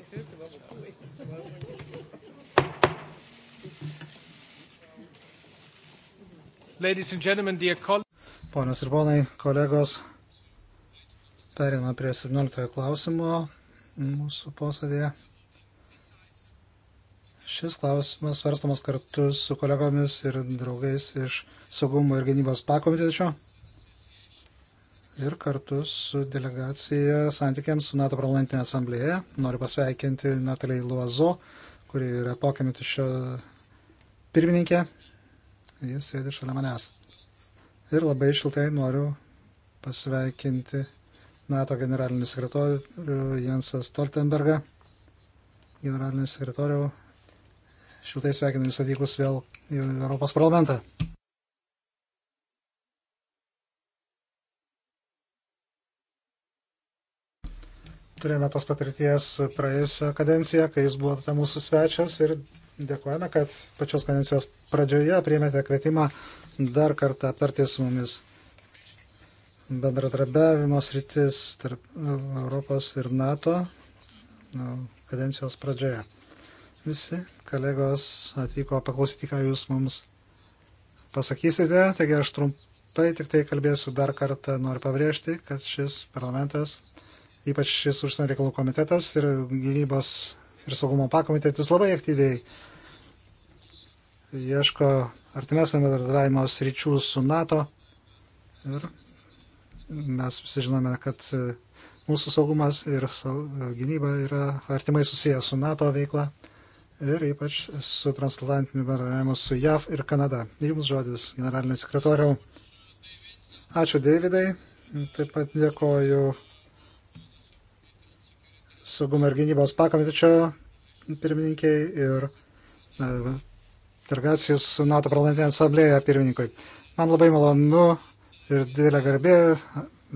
effet, ça va beaucoup. Ça va Ladies and gentlemen, dear colleagues. Ponios ir ponai, kolegos, perėmame prie 17 klausimo mūsų posėdėje. Šis klausimas svarstamas kartu su kolegomis ir draugais iš saugumo ir gynybos pakomitečio ir kartu su delegacija santykiams su NATO parlamentinė asamblėje. Noriu pasveikinti Nataliai Luazo, kuri yra pokėmėti šio pirmininkė. Jis sėdi šalia manęs. Ir labai šiltai noriu pasveikinti NATO generalinį sekretorių Jensą Stoltenbergą. Generalinį sekretorių šiltai sveikinu jūs atvykus vėl į Europos parlamentą. turėjome tos patirties praėjusią kadenciją, kai jis buvo mūsų svečias ir dėkojame, kad pačios kadencijos pradžioje priėmėte kvietimą dar kartą aptarti su mumis bendradarbiavimo sritis tarp Europos ir NATO nu, kadencijos pradžioje. Visi kolegos atvyko paklausyti, ką jūs mums pasakysite, taigi aš trumpai tik tai kalbėsiu dar kartą, noriu pabrėžti, kad šis parlamentas ypač šis užsienio reikalų komitetas ir gynybos ir saugumo pakomitetis labai aktyviai ieško artimesnio bendradarbiavimo sričių su NATO. Ir mes visi žinome, kad e, mūsų saugumas ir e, gynyba yra artimai susijęs su NATO veikla ir ypač su transatlantiniu bendravimu su JAV ir Kanada. Jums žodis, generalinė sekretoriau. Ačiū Davidai, taip pat dėkoju saugumo ir gynybos pakomitečio pirmininkiai ir e, delegacijos NATO parlamentinė asamblėja pirmininkui. Man labai malonu ir didelė garbė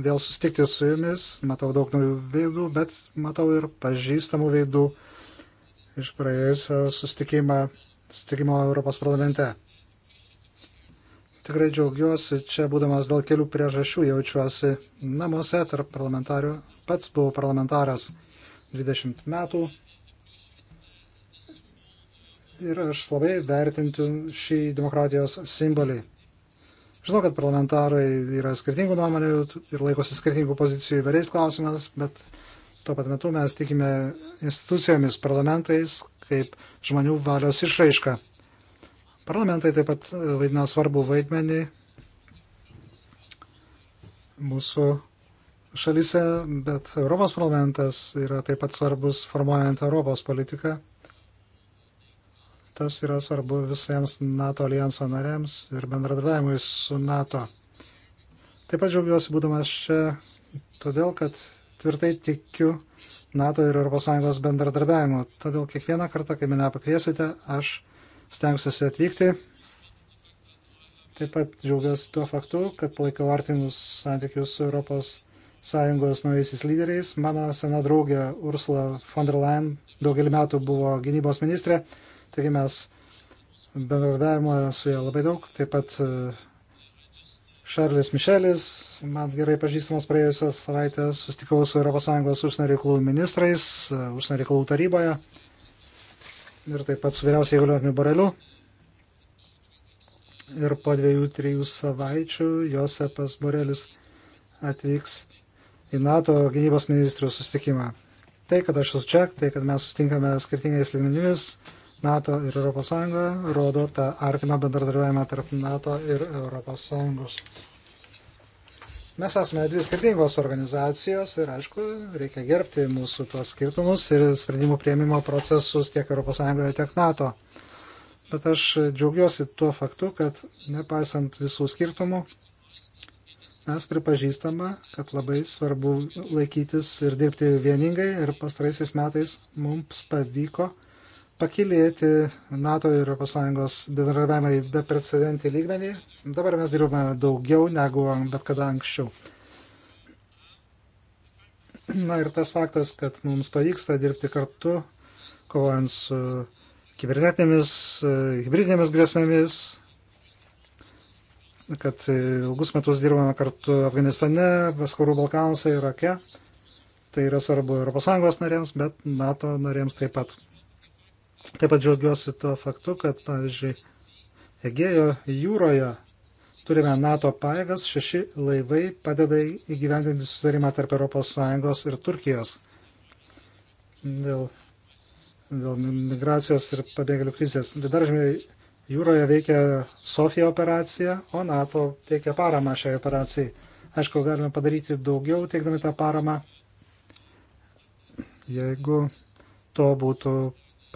vėl sustikti su jumis. Matau daug naujų veidų, bet matau ir pažįstamų veidų iš praėjusio sustikimo Europos parlamente. Tikrai džiaugiuosi čia būdamas dėl kelių priežasčių, jaučiuosi namuose tarp parlamentarių. Pats buvau parlamentaras. Mm 20 metų. Ir aš labai vertintiu šį demokratijos simbolį. Žinau, kad parlamentarai yra skirtingų nuomonių ir laikosi skirtingų pozicijų įvairiais klausimais, bet tuo pat metu mes tikime institucijomis, parlamentais, kaip žmonių valios išraiška. Parlamentai taip pat vaidina svarbu vaidmenį mūsų šalise, bet Europos parlamentas yra taip pat svarbus formuojant Europos politiką. Tas yra svarbu visiems NATO alijanso nariams ir bendradarbiavimui su NATO. Taip pat džiaugiuosi būdamas čia, todėl kad tvirtai tikiu NATO ir ES bendradarbiavimu. Todėl kiekvieną kartą, kai mane pakviesite, aš stengsiuosi atvykti Taip pat džiaugiuosi tuo faktu, kad palaikiau artimus santykius su Europos sąjungos naujaisiais lyderiais. Mano sena draugė Ursula von der Leyen daugelį metų buvo gynybos ministrė, taigi mes bendradarbiavimo su ja labai daug. Taip pat e, Šarlis Mišelis, man gerai pažįstamas praėjusią savaitę, sustikau su ES užsienio reikalų ministrais, e, užsienio reikalų taryboje ir taip pat su vyriausiai įgaliotiniu bareliu. Ir po dviejų, trijų savaičių Josepas Borelis atvyks į NATO gynybos ministrų susitikimą. Tai, kad aš esu čia, tai, kad mes sustinkame skirtingais lygmenimis, NATO ir ES, rodo tą artimą bendradarbiavimą tarp NATO ir ES. Mes esame dvi skirtingos organizacijos ir, aišku, reikia gerbti mūsų tuos skirtumus ir sprendimų prieimimo procesus tiek ES, tiek NATO. Bet aš džiaugiuosi tuo faktu, kad nepaisant visų skirtumų, mes pripažįstame, kad labai svarbu laikytis ir dirbti vieningai ir pastaraisiais metais mums pavyko pakilėti NATO ir ES bendradarbiavimą į beprecedentį lygmenį. Dabar mes dirbame daugiau negu bet kada anksčiau. Na ir tas faktas, kad mums pavyksta dirbti kartu, kovojant su kibernetinėmis, e, hybridinėmis grėsmėmis, kad e, ilgus metus dirbame kartu Afganistane, Vaskarų Balkanuose, Irake. Tai yra svarbu ES narėms, bet NATO narėms taip pat. Taip pat džiaugiuosi tuo faktu, kad, pavyzdžiui, Egėjo jūroje turime NATO paėgas, šeši laivai padeda įgyvendinti susitarimą tarp ES ir Turkijos dėl, dėl migracijos ir pabėgėlių krizės. Vidaržmiai tai Jūroje veikia Sofija operacija, o NATO teikia paramą šiai operacijai. Aišku, galime padaryti daugiau, teikdami tą paramą, jeigu to būtų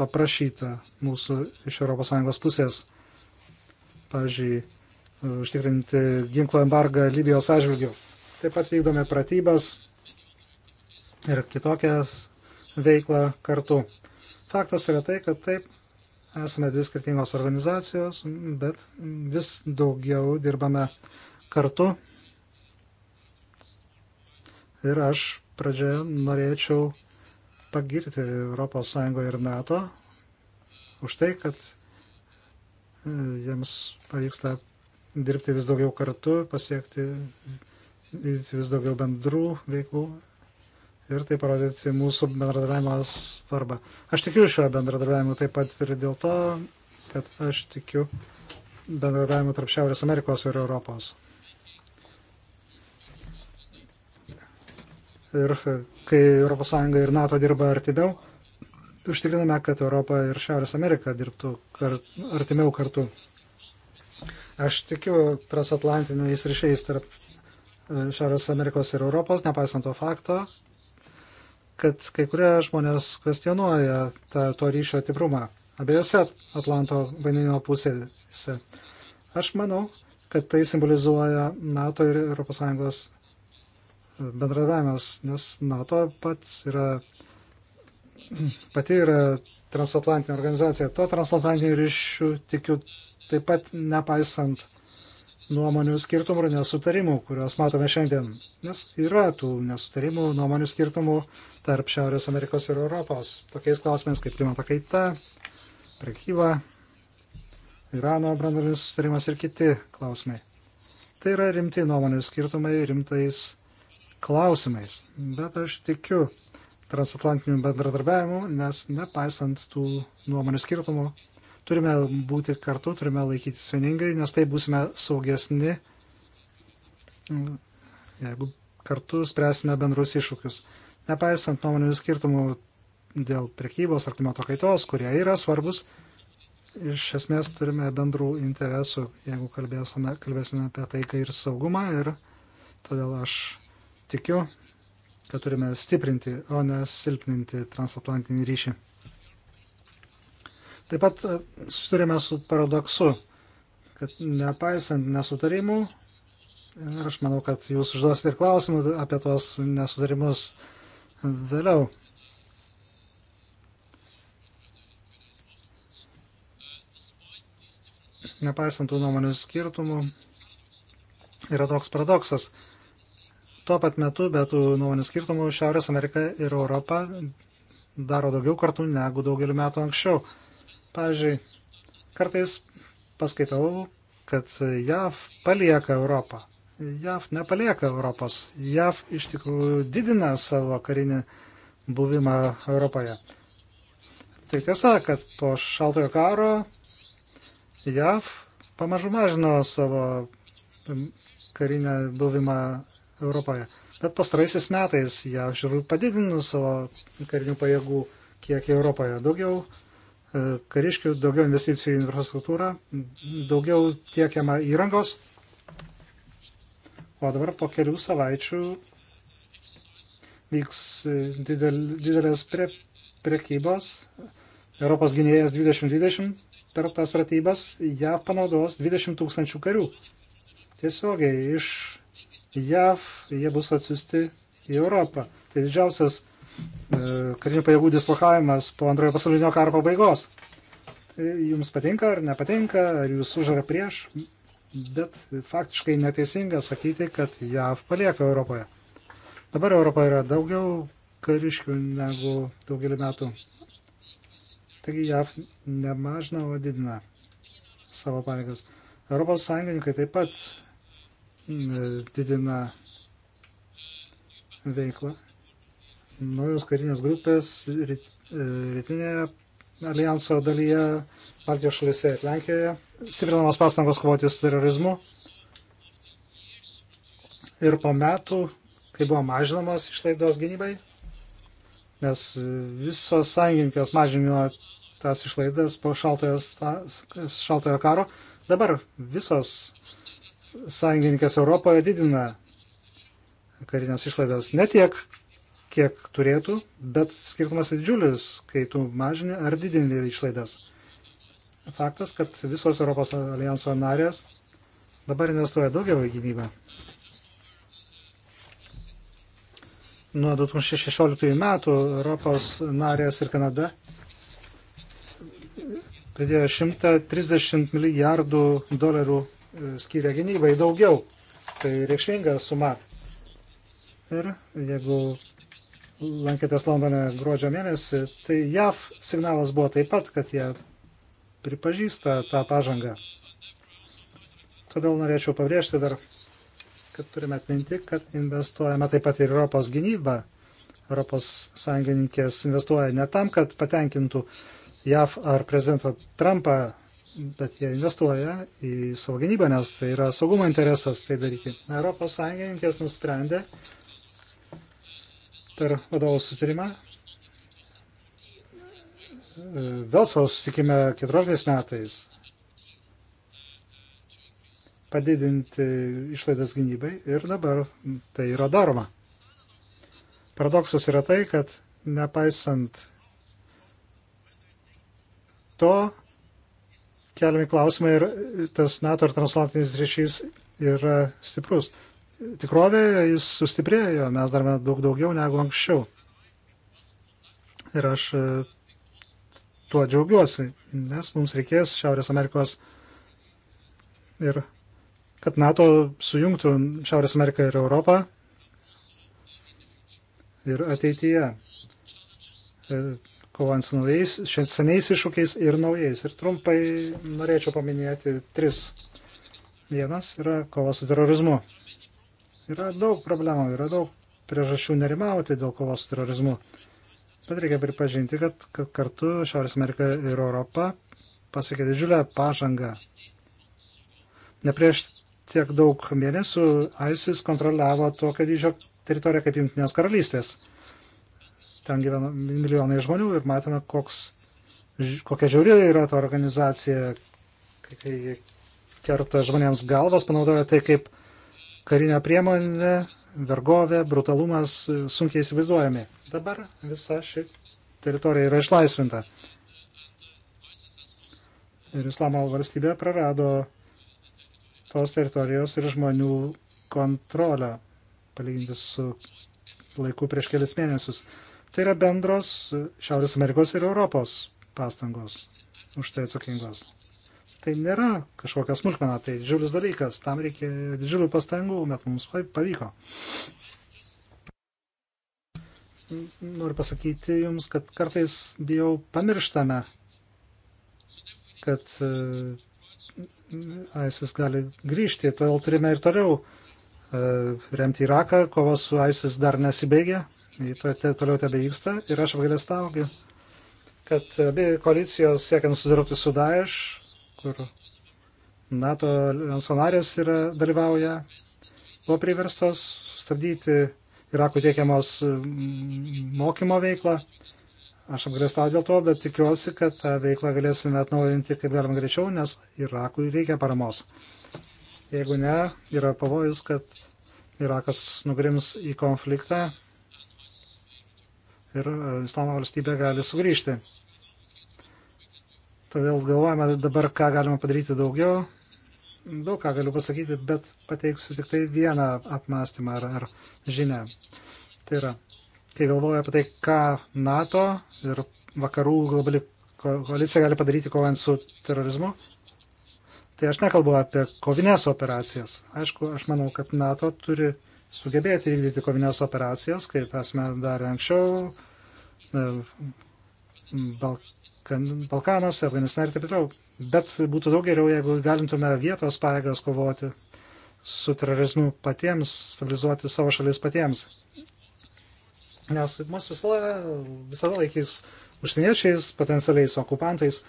paprašyta mūsų iš ES pusės. Pavyzdžiui, užtikrinti ginklo embargą Libijos atžvilgių. Taip pat vykdome pratybas ir kitokią veiklą kartu. Faktas yra tai, kad taip Esame dvi skirtingos organizacijos, bet vis daugiau dirbame kartu. Ir aš pradžioje norėčiau pagirti ES ir NATO už tai, kad e, jiems pavyksta dirbti vis daugiau kartu, pasiekti vis daugiau bendrų veiklų ir tai parodyti mūsų bendradarbiavimo svarbą. Aš tikiu šio bendradarbiavimo taip pat ir dėl to, kad aš tikiu bendradarbiavimo tarp Šiaurės Amerikos ir Europos. Ir kai ES ir NATO dirba artimiau, užtikriname, kad Europa ir Šiaurės Amerika dirbtų kar, artimiau kartu. Aš tikiu transatlantiniais ryšiais tarp e, Šiaurės Amerikos ir Europos, nepaisant to fakto, kad kai kurie žmonės kvestionuoja tą, to ryšio tiprumą abiejose Atlanto vandenino pusėse. Aš manau, kad tai simbolizuoja NATO ir ES bendradavimas, nes NATO pats yra, pati yra transatlantinė organizacija. To transatlantinių ryšių tikiu taip pat nepaisant nuomonių skirtumų ir nesutarimų, kuriuos matome šiandien. Nes yra tų nesutarimų, nuomonių skirtumų tarp Šiaurės Amerikos ir Europos. Tokiais klausimais kaip klimato kaita, prekyba, Irano brandolinis sustarimas ir kiti klausimai. Tai yra rimti nuomonių skirtumai rimtais klausimais, bet aš tikiu transatlantiniu bendradarbiavimu, nes nepaisant tų nuomonių skirtumų, turime būti kartu, turime laikytis vieningai, nes tai būsime saugesni, mm, jeigu kartu spręsime bendrus iššūkius. Nepaisant nuomonių skirtumų dėl prekybos ar klimato kaitos, kurie yra svarbus, iš esmės turime bendrų interesų, jeigu kalbėsime, kalbėsime apie taiką ir saugumą. Ir todėl aš tikiu, kad turime stiprinti, o ne silpninti transatlantinį ryšį. Taip pat e, susidurime su paradoksu, kad nepaisant nesutarimų, ir aš manau, kad jūs užduosite ir klausimų apie tuos nesutarimus vėliau. Nepaisant tų nuomonių skirtumų, yra toks paradoksas. Tuo pat metu, be tų nuomonių skirtumų, Šiaurės Amerika ir Europa daro daugiau kartų negu daugelį metų anksčiau. Pavyzdžiui, kartais paskaitau, kad JAV palieka Europą. JAV nepalieka Europos. JAV iš tikrųjų didina savo karinį buvimą Europoje. Tai tiesa, kad po šaltojo karo JAV pamažu mažino savo karinę buvimą Europoje. Bet pastaraisiais metais JAV žiūrų padidino savo karinių pajėgų kiekį Europoje. Daugiau e, kariškių, daugiau investicijų į infrastruktūrą, daugiau tiekiama įrangos O dabar po kelių savaičių vyks didel, didelės prie, priekybos. Europos gynėjas 2020 per tas pratybas JAV panaudos 20 tūkstančių karių. Tiesiogiai iš JAV jie bus atsiusti į Europą. Tai didžiausias e, karinių pajėgų dislokavimas po antrojo pasaulinio karo pabaigos. Tai jums patinka ar nepatinka, ar jūs už ar prieš, bet faktiškai neteisinga sakyti, kad JAV palieka Europoje. Dabar Europoje yra daugiau kariškių negu daugelį metų. Taigi JAV nemažina, o didina savo pajėgas. Europos sąjungininkai taip pat mm, didina veiklą. Naujos karinės grupės e, rytinėje alijanso dalyje Baltijos šalise ir Lenkijoje, stiprinamos pastangos kovoti su terorizmu. Ir po metų, kai buvo mažinamos išlaidos gynybai, nes visos sąjungininkės mažinimo tas išlaidas po šaltojo, šaltojo karo, dabar visos sąjungininkės Europoje didina karinės išlaidas ne tiek, kiek turėtų, bet skirtumas didžiulis, kai tu mažini ar didini išlaidas. Faktas, kad visos Europos alijanso narės dabar investuoja daugiau į gynybą. Nuo 2016 metų Europos narės ir Kanada pridėjo 130 milijardų dolerių e, skiria gynybai daugiau. Tai reikšminga suma. Ir jeigu lankėtės Londone gruodžio mėnesį, tai JAV signalas buvo taip pat, kad jie pripažįsta tą pažangą. Todėl norėčiau pabrėžti dar, kad turime atminti, kad investuojame taip pat ir Europos gynybą. Europos sąjungininkės investuoja ne tam, kad patenkintų JAV ar prezidentą Trumpą, bet jie investuoja į savo gynybą, nes tai yra saugumo interesas tai daryti. Europos sąjungininkės nusprendė, per vadovų susitarimą. E, vėl savo susitikime 14 metais padidinti išlaidas gynybai ir dabar tai yra daroma. Paradoksas yra tai, kad nepaisant to, keliami klausimai ir tas NATO ir transatlantinis ryšys yra stiprus tikrovėje jis sustiprėjo, mes darome daug daugiau negu anksčiau. Ir aš e, tuo džiaugiuosi, nes mums reikės Šiaurės Amerikos ir kad NATO sujungtų Šiaurės Ameriką ir Europą ir ateityje, e, kovant su naujais, seniais iššūkiais ir naujais. Ir trumpai norėčiau paminėti tris. Vienas yra kova su terorizmu. Yra daug problemų, yra daug priežasčių nerimauti dėl kovos su terorizmu. Bet reikia pripažinti, kad, kad kartu Šiaurės Amerika ir Europa pasiekė didžiulę pažangą. Ne prieš tiek daug mėnesių ISIS kontroliavo tokią dydžio teritoriją kaip Junktinės karalystės. Ten gyvena milijonai žmonių ir matome, koks, kokia žiauri yra ta organizacija, kai kerta žmonėms galvas, panaudoja tai kaip karinę priemonę, vergovė, brutalumas sunkiai įsivaizduojami. Dabar visa ši teritorija yra išlaisvinta. Ir Islamo valstybė prarado tos teritorijos ir žmonių kontrolę, palyginti su laiku prieš kelias mėnesius. Tai yra bendros Šiaurės Amerikos ir Europos pastangos už tai atsakingos tai nėra kažkokia smulkmena, tai didžiulis dalykas, tam reikia didžiulių pastangų, bet mums pavyko. Noriu pasakyti Jums, kad kartais bijau pamirštame, kad e, ISIS gali grįžti, todėl turime ir toliau e, remti Iraką, kova su ISIS dar nesibaigė, toliau tebe vyksta ir aš apgailestauju, kad abi koalicijos siekiant sudaroti su Daesh kur NATO nacionalės yra dalyvauja, buvo priverstos sustabdyti Irakų tiekiamos mm, mokymo veiklą. Aš apgrėstau dėl to, bet tikiuosi, kad tą veiklą galėsime atnaujinti kaip galima greičiau, nes Irakui reikia paramos. Jeigu ne, yra pavojus, kad Irakas nugrims į konfliktą ir e, Islamo valstybė gali sugrįžti. Todėl galvojame dabar, ką galima padaryti daugiau. Daug ką galiu pasakyti, bet pateiksiu tik tai vieną apmąstymą ar, ar žinę. Tai yra, kai galvoju apie tai, ką NATO ir vakarų globali koalicija gali padaryti kovant su terorizmu, tai aš nekalbu apie kovinės operacijas. Aišku, aš manau, kad NATO turi sugebėti vykdyti kovinės operacijas, kaip esame darę anksčiau, Balk Balkanuose, Afganistane ir taip toliau. Bet būtų daug geriau, jeigu galintume vietos pajėgas kovoti su terorizmu patiems, stabilizuoti savo šalis patiems. Nes mus visada, visada laikys užsieniečiais, potencialiais okupantais.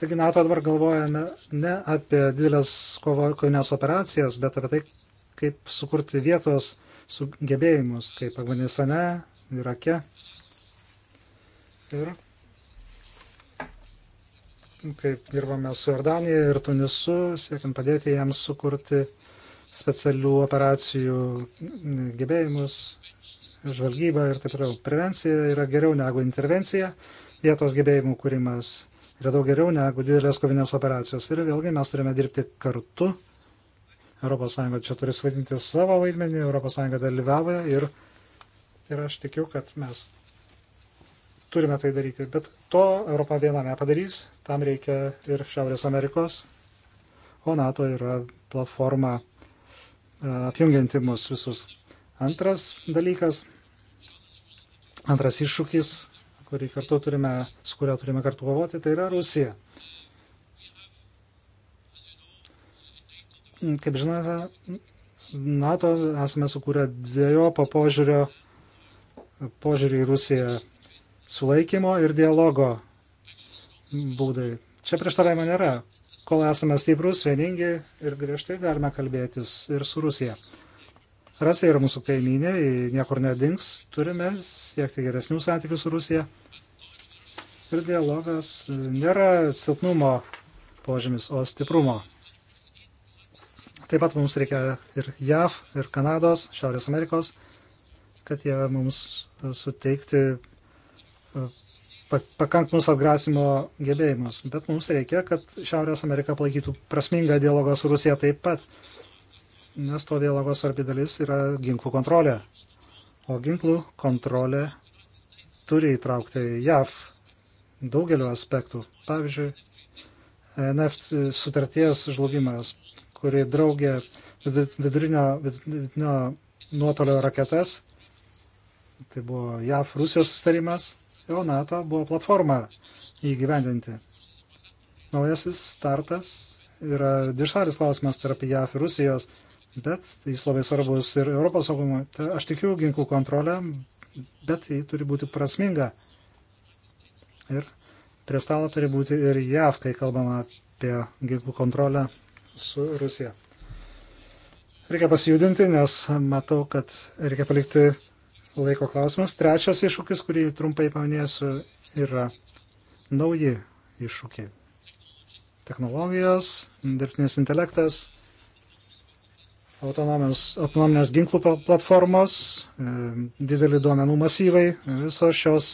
Taigi NATO dabar galvojame ne apie didelės kovinės operacijas, bet apie tai, kaip sukurti vietos sugebėjimus, kaip Afganistane, Irake. Ir kaip dirbame su Jordanija ir Tunisu, siekiant padėti jiems sukurti specialių operacijų gebėjimus, žvalgybą ir taip toliau. Prevencija yra geriau negu intervencija, vietos gebėjimų kūrimas yra daug geriau negu didelės kovinės operacijos. Ir vėlgi mes turime dirbti kartu. ES čia turi svaidinti savo vaidmenį, ES dalyvavoja ir, ir aš tikiu, kad mes turime tai daryti, bet to Europa viena nepadarys, tam reikia ir Šiaurės Amerikos, o NATO yra platforma e, apjungianti mus visus. Antras dalykas, antras iššūkis, kurį kartu turime, su kurio turime kartu kovoti, tai yra Rusija. Kaip žinote, NATO esame sukūrę dviejopo požiūrio, požiūrį į Rusiją sulaikymo ir dialogo būdai. Čia prieštaravimo nėra. Kol esame stiprus, vieningi ir griežtai galime kalbėtis ir su Rusija. Rasija yra mūsų kaiminė, niekur nedings, turime siekti geresnių santykių su Rusija. Ir dialogas nėra silpnumo požymis, o stiprumo. Taip pat mums reikia ir JAV, ir Kanados, Šiaurės Amerikos, kad jie mums suteikti pakankamus atgrasimo gebėjimus. Bet mums reikia, kad Šiaurės Amerika palaikytų prasmingą dialogą su Rusija taip pat, nes to dialogo svarbi dalis yra ginklų kontrolė. O ginklų kontrolė turi įtraukti JAV daugeliu aspektų. Pavyzdžiui, NF sutarties žlugimas, kuri draugė vidurinio, vidurinio nuotolio raketas. Tai buvo JAV Rusijos sustarimas o NATO buvo platforma įgyvendinti. Naujasis startas yra dišalis klausimas tarp JAF ir Rusijos, bet jis labai svarbus ir Europos saugumui. Aš tikiu ginklų kontrolę, bet ji turi būti prasminga. Ir prie stalo turi būti ir JAV, kai kalbama apie ginklų kontrolę su Rusija. Reikia pasijudinti, nes matau, kad reikia palikti laiko klausimas. Trečias iššūkis, kurį trumpai paminėsiu, yra nauji iššūkiai. Technologijos, dirbtinis intelektas, autonominės ginklų platformos, e, dideli duomenų masyvai, visos šios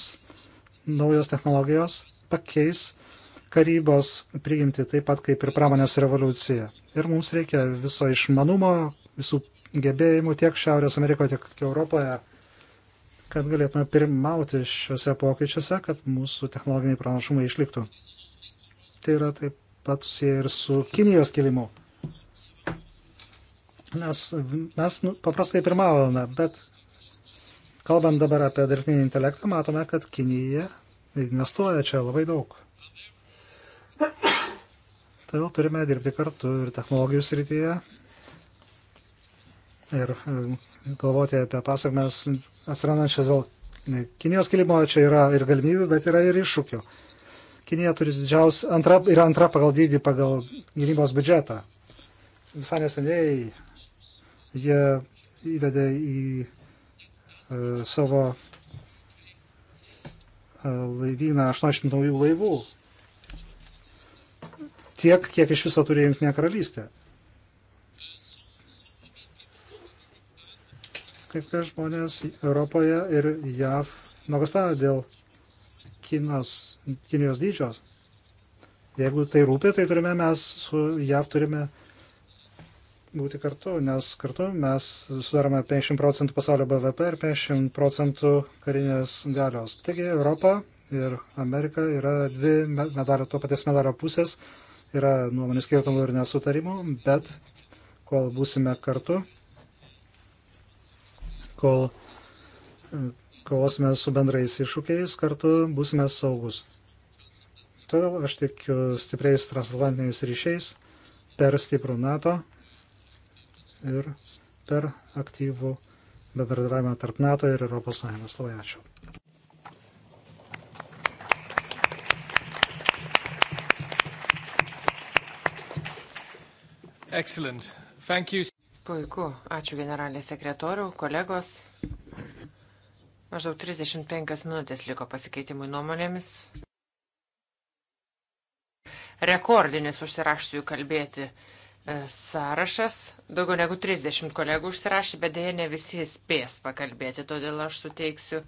naujos technologijos pakeis karybos priimti taip pat kaip ir pramonės revoliucija. Ir mums reikia viso išmanumo, visų gebėjimų tiek Šiaurės Amerikoje, tiek Europoje kad galėtume pirmauti šiuose pokyčiuose, kad mūsų technologiniai pranašumai išliktų. Tai yra taip pat susiję ir su Kinijos kilimu. Nes mes nu, paprastai pirmavome, bet kalbant dabar apie dirbtinį intelektą, matome, kad Kinija investuoja čia labai daug. Todėl turime dirbti kartu ir technologijų srityje, ir galvoti apie pasakmes atsirandančias dėl Kinijos kilimo, čia yra ir galimybių, bet yra ir iššūkių. Kinija turi didžiausią, antra, yra antra pagal dydį pagal gynybos biudžetą. Visai neseniai jie įvedė į e, savo e, laivyną 80 naujų laivų. Tiek, kiek iš viso turi Junktinė karalystė. kai kurie žmonės Europoje ir JAV nuogastavę dėl Kinos, Kinijos dydžios. Jeigu tai rūpi, tai turime mes su JAV turime būti kartu, nes kartu mes sudarome 50 procentų pasaulio BVP ir 50 procentų karinės galios. Taigi Europa ir Amerika yra dvi medalio, to paties medalio pusės, yra nuomonių skirtumų ir nesutarimų, bet kol būsime kartu, kol kovosime su bendrais iššūkiais, kartu būsime saugus. Todėl aš tikiu stipriais transatlantiniais ryšiais per stiprų NATO ir per aktyvų bendradarbiavimą tarp NATO ir ES. Labai ačiū. Excellent. Thank you. Puiku, ačiū generalinė sekretorių, kolegos. Maždaug 35 minutės liko pasikeitimui nuomonėmis. Rekordinis užsirašysiu kalbėti e, sąrašas. Daugiau negu 30 kolegų užsirašė, bet dėja ne visi spės pakalbėti, todėl aš suteiksiu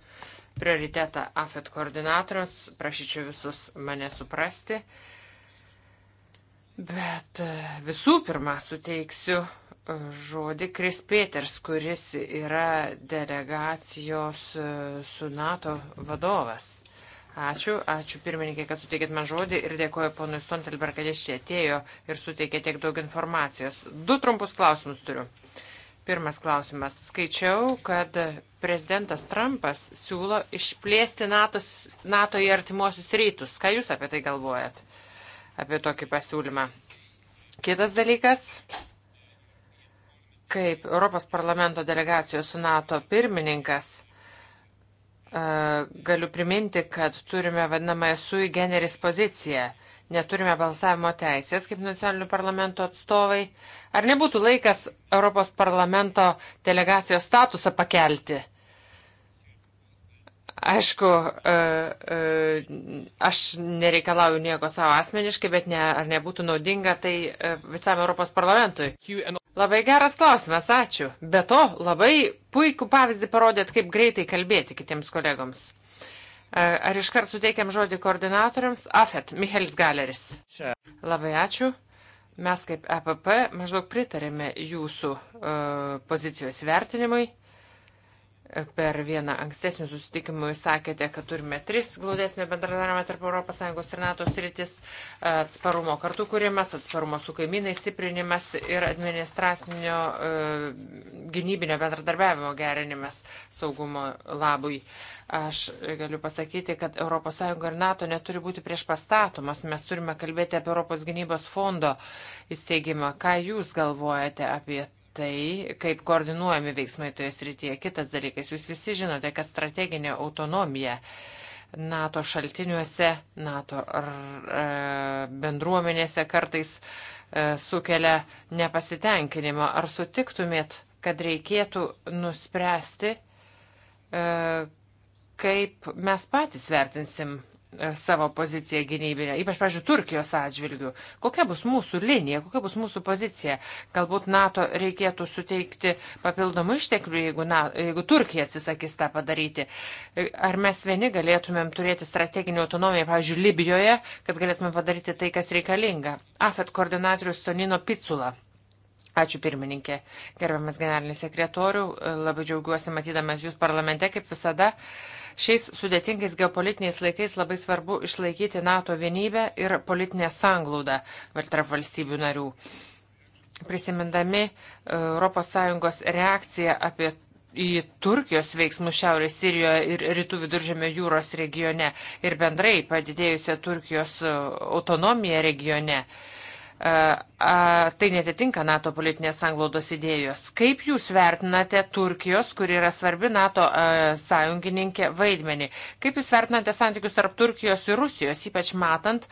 prioritetą AFET koordinatoriams. Prašyčiau visus mane suprasti. Bet e, visų pirma suteiksiu žodį Kris Peters, kuris yra delegacijos e, su NATO vadovas. Ačiū, ačiū pirmininkė, kad suteikėt man žodį ir dėkoju ponui Stontelberg, kad jis čia atėjo ir suteikė tiek daug informacijos. Du trumpus klausimus turiu. Pirmas klausimas. Skaičiau, kad prezidentas Trumpas siūlo išplėsti NATO, NATO į artimuosius rytus. Ką Jūs apie tai galvojat? Apie tokį pasiūlymą. Kitas dalykas kaip Europos parlamento delegacijos su NATO pirmininkas e, galiu priminti, kad turime vadinamąją sui generis poziciją. Neturime balsavimo teisės kaip nacionalinių parlamento atstovai. Ar nebūtų laikas Europos parlamento delegacijos statusą pakelti? Aišku, e, e, aš nereikalauju nieko savo asmeniškai, bet ne, ar nebūtų naudinga tai e, visam Europos parlamentui. Labai geras klausimas, ačiū. Be to, labai puikų pavyzdį parodėt, kaip greitai kalbėti kitiems kolegoms. Ar iškart suteikiam žodį koordinatoriams? Afet, Michelis Galeris. Labai ačiū. Mes kaip EPP maždaug pritarėme jūsų uh, pozicijos vertinimui. Per vieną ankstesnių susitikimų jūs sakėte, kad turime tris glaudesnio bendradarbiavimo tarp ES ir NATO sritis - atsparumo kartu kūrimas, atsparumo su kaimynai stiprinimas ir administracinio e, gynybinio bendradarbiavimo gerinimas saugumo labui. Aš galiu pasakyti, kad ES ir NATO neturi būti prieš pastatomas. Mes turime kalbėti apie Europos gynybos fondo įsteigimą. Ką jūs galvojate apie tai, kaip koordinuojami veiksmai toje srityje. Kitas dalykas, jūs visi žinote, kad strateginė autonomija NATO šaltiniuose, NATO e, bendruomenėse kartais e, sukelia nepasitenkinimą. Ar sutiktumėt, kad reikėtų nuspręsti, e, kaip mes patys vertinsim E, savo poziciją gynybinę, ypač, pažiūrėjau, Turkijos atžvilgių. Kokia bus mūsų linija, kokia bus mūsų pozicija? Galbūt NATO reikėtų suteikti papildomų išteklių, jeigu, na, jeigu Turkija atsisakys tą padaryti. E, ar mes vieni galėtumėm turėti strateginį autonomiją, pavyzdžiui, Libijoje, kad galėtumėm padaryti tai, kas reikalinga? AFET koordinatorius Tonino Picula Ačiū pirmininkė. Gerbiamas generalinis sekretorių, labai džiaugiuosi matydamas Jūs parlamente, kaip visada. Šiais sudėtingais geopolitiniais laikais labai svarbu išlaikyti NATO vienybę ir politinę sanglaudą tarp valstybių narių. Prisimindami ES reakciją apie į Turkijos veiksmus Šiaurės Sirijoje ir Rytų viduržėmio jūros regione ir bendrai padidėjusią Turkijos e, autonomiją regione. Uh, tai netitinka NATO politinės sanglaudos idėjos. Kaip jūs vertinate Turkijos, kuri yra svarbi NATO sąjungininkė vaidmenį? Kaip jūs vertinate santykius tarp Turkijos ir Rusijos, ypač matant,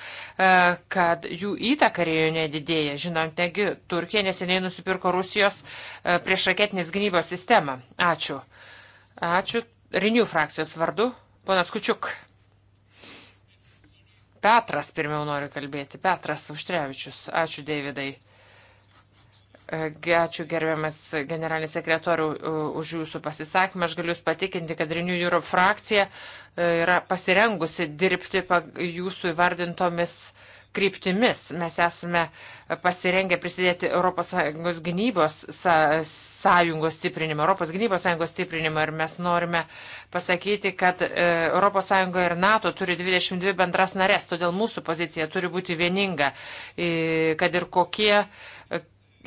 kad jų įtaka regione didėja? Žinom, negi Turkija neseniai nusipirko Rusijos priešraketinės gynybos sistemą. Ačiū. Ačiū. Rinių frakcijos vardu. Ponas Kučiuk. Petras pirmiau nori kalbėti. Petras Užtrevičius. Ačiū, Davidai. E, ačiū gerbiamas generalinis sekretorių už jūsų pasisakymą. Aš galiu jūs patikinti, kad Renew Europe frakcija e, yra pasirengusi dirbti jūsų įvardintomis uh, kryptimis. Mes esame pasirengę prisidėti ES gynybos sąjungos stiprinimą, ES gynybos sąjungos stiprinimą ir mes norime pasakyti, kad ES ir NATO turi 22 bendras narės, todėl mūsų pozicija turi būti vieninga, e, kad ir kokie e,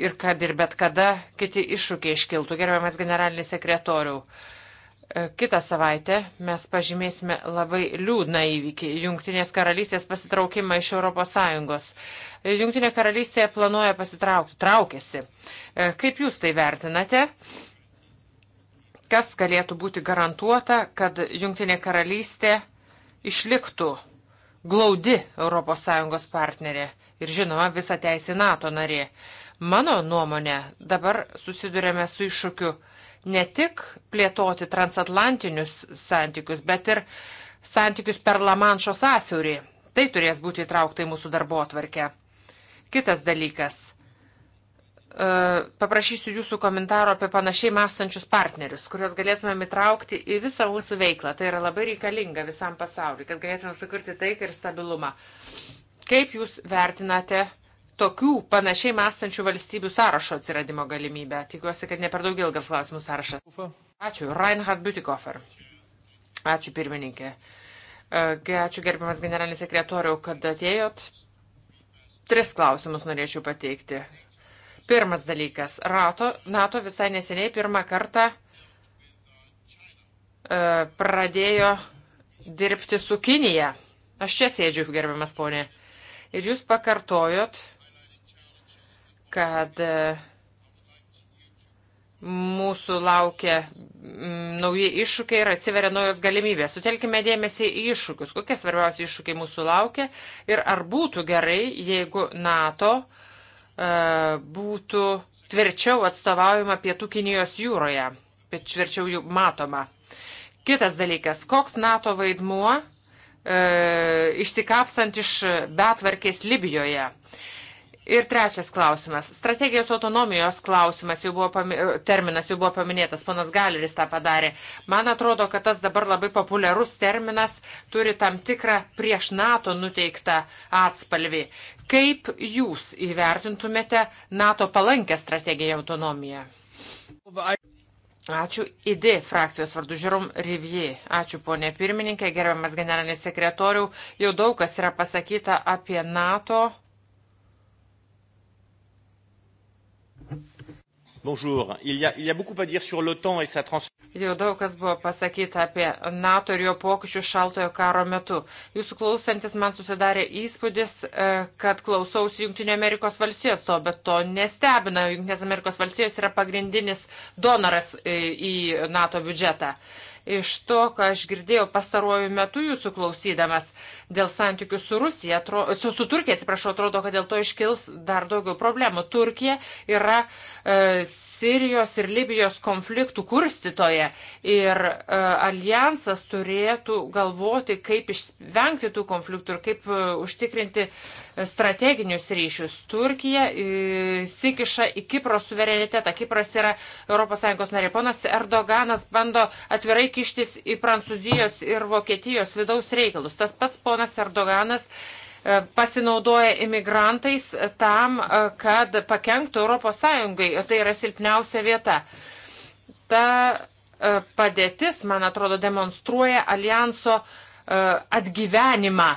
ir kad ir bet kada kiti iššūkiai iškiltų. Gerbiamas generalinis sekretoriau. E, kitą savaitę mes pažymėsime labai liūdną įvykį - Junktinės karalystės pasitraukimą iš ES. E, Junktinė karalystė planuoja pasitraukti, traukiasi. E, kaip jūs tai vertinate? Kas galėtų būti garantuota, kad Junktinė karalystė išliktų glaudi ES partnerė ir žinoma visą teisį NATO narė? Mano nuomonė, dabar susidurėme su iššūkiu ne tik plėtoti transatlantinius santykius, bet ir santykius per Lamanšo sąsiaurį. Tai turės būti įtraukta į mūsų darbo atvarkę. Kitas dalykas. E, paprašysiu jūsų komentaro apie panašiai mąstančius partnerius, kuriuos galėtumėm įtraukti į visą mūsų veiklą. Tai yra labai reikalinga visam pasauliu, kad galėtumėm sukurti taiką ir stabilumą. Kaip jūs vertinate uh, tokių panašiai mąstančių valstybių sąrašo atsiradimo galimybę. Tikiuosi, kad ne per daug ilgas klausimų sąrašas. Ačiū. Reinhard Butikofer. Ačiū pirmininkė. E, ačiū gerbiamas generalinis sekretoriau, kad atėjot. Tris klausimus norėčiau pateikti. Pirmas dalykas. Rato, NATO visai neseniai pirmą kartą e, pradėjo dirbti su Kinija. Aš čia sėdžiu, gerbiamas ponė. Ir jūs pakartojot, kad e, mūsų laukia nauji iššūkiai ir atsiveria naujos galimybės. Sutelkime dėmesį į iššūkius. Kokie svarbiausi iššūkiai mūsų laukia ir ar būtų gerai, jeigu NATO uh, būtų tvirčiau atstovaujama pietų Kinijos jūroje, bet tvirčiau jų matoma. Kitas dalykas, koks NATO vaidmuo e, išsikapstant iš betvarkės Libijoje. E, Ir trečias klausimas. Strategijos autonomijos klausimas jau buvo, pami... terminas jau buvo paminėtas, panas Galeris tą padarė. Man atrodo, kad tas dabar labai populiarus terminas turi tam tikrą prieš NATO nuteiktą atspalvį. Kaip jūs įvertintumėte NATO palankę strategiją autonomiją? Ačiū ID frakcijos vardu Žiūrom Rivie. Ačiū ponė pirmininkė, gerbiamas generalinis sekretoriau. Jau daug kas yra pasakyta apie NATO Bonjour. Il y a, il y a beaucoup à dire sur l'OTAN et sa Jau daug kas buvo pasakyta apie NATO ir jo pokyčius šaltojo karo metu. Jūsų klausantis man susidarė įspūdis, e, kad klausausi Junktinio Amerikos valstijos, to, bet to nestebina. Junktinės Amerikos valstijos yra pagrindinis donoras e, į NATO biudžetą. Uh, Iš to, ką aš girdėjau pastaruoju metu jūsų klausydamas dėl santykių su Rusija, atro, su, su Turkija, atsiprašau, atrodo, kad dėl to iškils dar daugiau problemų. Turkija yra e, Sirijos ir Libijos konfliktų kurstitoje ir e, alijansas turėtų galvoti, kaip išvengti tų konfliktų ir kaip e, užtikrinti e, strateginius ryšius. Turkija e, įsikiša į Kipro suverenitetą. Kipras yra ES narė. Ponas Erdoganas bando atvirai kištis į Prancūzijos ir Vokietijos vidaus reikalus. Tas pats ponas Erdoganas E, pasinaudoja imigrantais tam, e, kad pakenktų ES, o tai yra silpniausia vieta. Ta e, padėtis, man atrodo, demonstruoja alijanso atgyvenimą.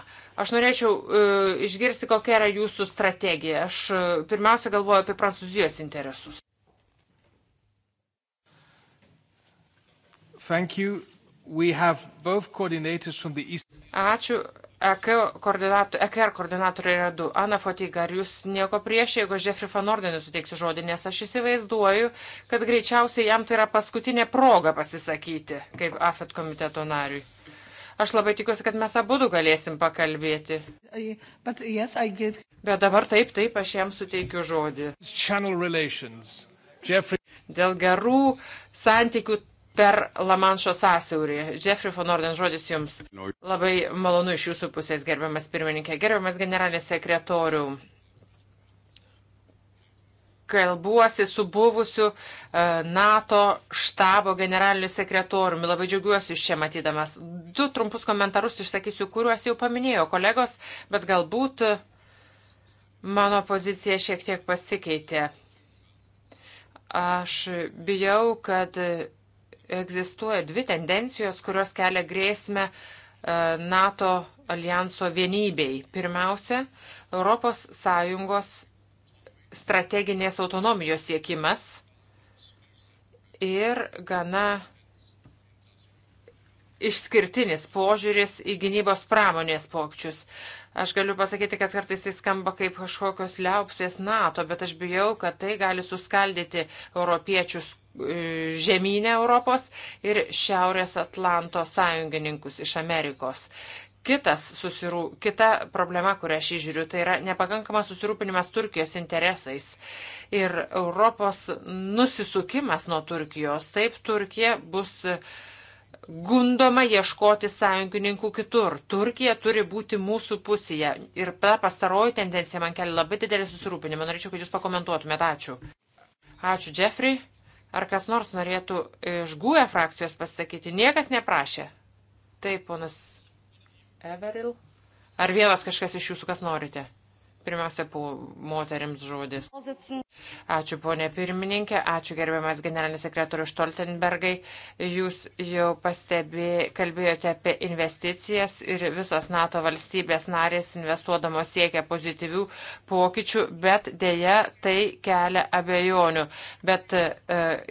Aš norėčiau uh, išgirsti, kokia yra jūsų strategija. Aš uh, pirmiausia galvoju apie Prancūzijos interesus. Ačiū. EK koordinatorių, EKR koordinatoriai yra du. Ana Fotyga, ar jūs nieko prieš, jeigu Jeffrey Van Ordenui suteiksiu žodį, nes aš įsivaizduoju, kad greičiausiai jam tai yra paskutinė proga pasisakyti, kaip AFET komiteto nariui. Aš labai tikiuosi, kad mes abu galėsim pakalbėti. But yes, give... Bet dabar taip, taip, aš jam suteikiu žodį. Dėl gerų santykių per Lamanšo sąsiaurį. Jeffrey von Orden, žodis jums. Labai malonu iš jūsų pusės, gerbiamas pirmininkė, gerbiamas generalinis sekretorių. Kalbuosi su buvusiu e, NATO štabo generaliniu sekretoriumi. Labai džiaugiuosi iš čia matydamas. Du trumpus komentarus išsakysiu, kuriuos jau paminėjo kolegos, bet galbūt mano pozicija šiek tiek pasikeitė. Aš bijau, kad egzistuoja dvi tendencijos, kurios kelia grėsmę e, NATO alijanso vienybei. Pirmiausia, ES strateginės autonomijos siekimas ir gana išskirtinis požiūris į gynybos pramonės pokčius. Aš galiu pasakyti, kad kartais tai skamba kaip kažkokios liaupsės NATO, bet aš bijau, kad tai gali suskaldyti europiečius e, žemynę Europos ir Šiaurės Atlanto sąjungininkus iš Amerikos. Kitas susirū... Kita problema, kurią aš įžiūriu, tai yra nepakankamas susirūpinimas Turkijos interesais ir Europos nusisukimas nuo Turkijos. Taip Turkija bus uh, gundoma ieškoti sąjungininkų kitur. Turkija turi būti mūsų pusėje. Ir ta pastaroji tendencija man kelia labai didelį susirūpinimą. Norėčiau, kad jūs pakomentuotumėte. Ačiū. Ačiū, Jeffrey. Ar kas nors norėtų iš GUE frakcijos pasakyti? Niekas neprašė. Taip, ponas Everil. Ar vienas kažkas iš jūsų, kas norite? Pirmiausia, moteriams žodis. Ačiū, ponė pirmininkė, ačiū gerbiamas generalinis sekretorius Stoltenbergai. Jūs jau pastebė, kalbėjote apie investicijas ir visos NATO valstybės narės investuodamos siekia pozityvių pokyčių, bet dėja tai kelia abejonių. Bet e,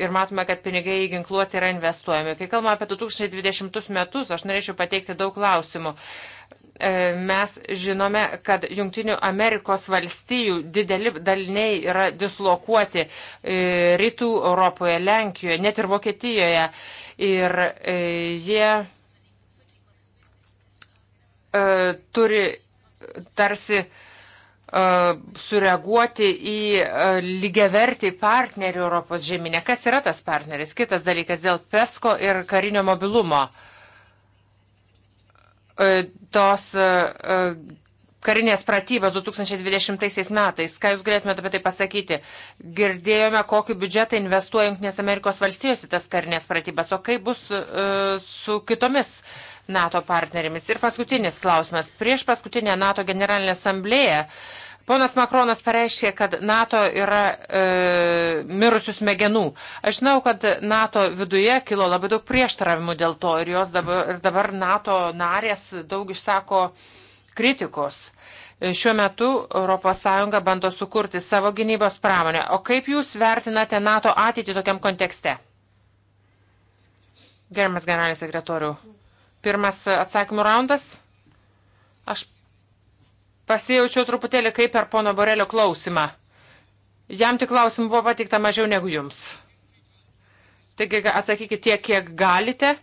ir matome, kad pinigai į ginkluotį yra investuojami. Kai kalbame apie 2020 metus, aš norėčiau pateikti daug klausimų. E, E, mes žinome, kad Junktinių Amerikos valstijų dideli daliniai yra dislokuoti e, rytų Europoje, Lenkijoje, net ir Vokietijoje. Ir e, jie turi tarsi sureaguoti į lygiavertį partnerį Europos žemynę. Kas yra tas partneris? Kitas dalykas dėl PESCO ir karinio mobilumo. Uh, E, tos e, e, karinės pratybos 2020 metais. Ką Jūs galėtumėte apie tai pasakyti? Girdėjome, kokį biudžetą investuoja Junktinės Amerikos valstijos į tas karinės pratybas, o kaip bus uh, su kitomis NATO partnerėmis? Ir paskutinis klausimas. Prieš paskutinę NATO generalinę asamblėją uh, Ponas Makronas pareiškė, kad NATO yra e, mirusių smegenų. Aš žinau, kad NATO viduje kilo labai daug prieštaravimų dėl to ir, dabar, ir dabar NATO narės daug išsako kritikos. E, šiuo metu ES bando sukurti savo gynybos pramonę. O kaip Jūs vertinate NATO ateitį tokiam kontekste? Gerimas generalinis sekretorių. Pirmas atsakymų raundas. Aš pasijaučiau truputėlį kaip per pono Borelio klausimą. Jam tik klausimų buvo pateikta mažiau negu jums. Taigi atsakykite tiek, kiek galite.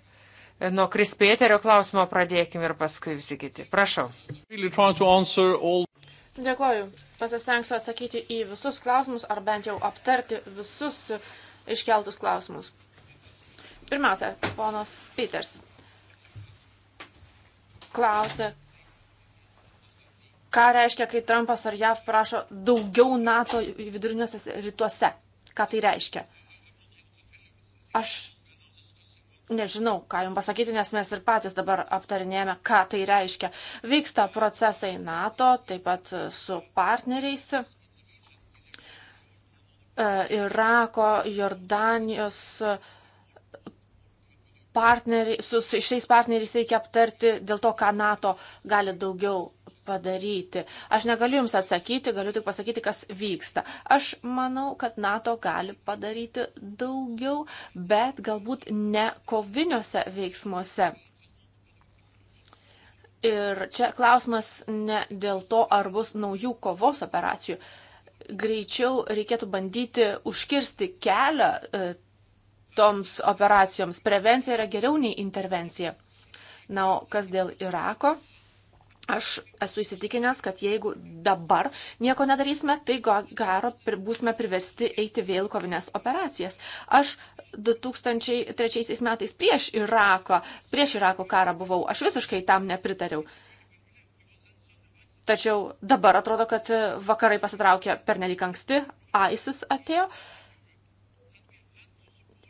Nuo Krispėterio klausimo pradėkime ir paskui visi kiti. Prašau. Dėkuoju. Pasistengsiu atsakyti į visus klausimus, ar bent jau aptarti visus iškeltus klausimus. Pirmiausia, ponas Peters klausė, ką reiškia, kai Trumpas ar JAV prašo daugiau NATO viduriniuose rytuose. Ką tai reiškia? Aš nežinau, ką jums pasakyti, nes mes ir patys dabar aptarinėjame, ką tai reiškia. Vyksta procesai NATO, taip pat su partneriais. E, Irako, Jordanijos, uh, partneri, su, su šiais partneriais reikia aptarti dėl to, ką NATO gali daugiau padaryti. Aš negaliu Jums atsakyti, galiu tik pasakyti, kas vyksta. Aš manau, kad NATO gali padaryti daugiau, bet galbūt ne koviniuose veiksmuose. Ir čia klausimas ne dėl to, ar bus naujų kovos operacijų. Greičiau reikėtų bandyti užkirsti kelią e, toms operacijoms. Prevencija yra geriau nei intervencija. Na, o kas dėl Irako? Aš esu įsitikinęs, kad jeigu dabar nieko nedarysime, tai garo būsime priversti eiti vėl kovinės operacijas. Aš 2003 metais prieš Irako, prieš Irako karą buvau, aš visiškai tam nepritariau. Tačiau dabar atrodo, kad vakarai pasitraukė per nelik anksti, ISIS atėjo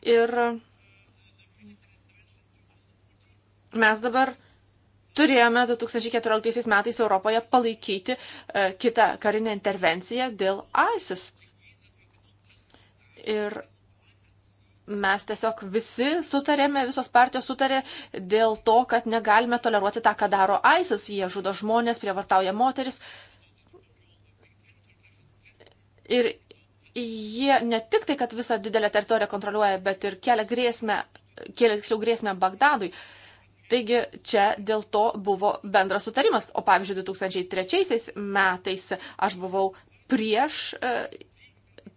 Ir mes dabar turėjome 2014 metais Europoje palaikyti e, kitą karinę intervenciją dėl ISIS. Ir mes tiesiog visi sutarėme, visos partijos sutarė dėl to, kad negalime toleruoti tą, ką daro ISIS. Jie žudo žmonės, prievartauja moteris. Ir jie ne tik tai, kad visą didelę teritoriją kontroliuoja, bet ir kelia grėsmę, kelia tiksliau grėsmę Bagdadui. Taigi čia dėl to buvo bendras sutarimas. O pavyzdžiui, 2003 metais aš buvau prieš, e,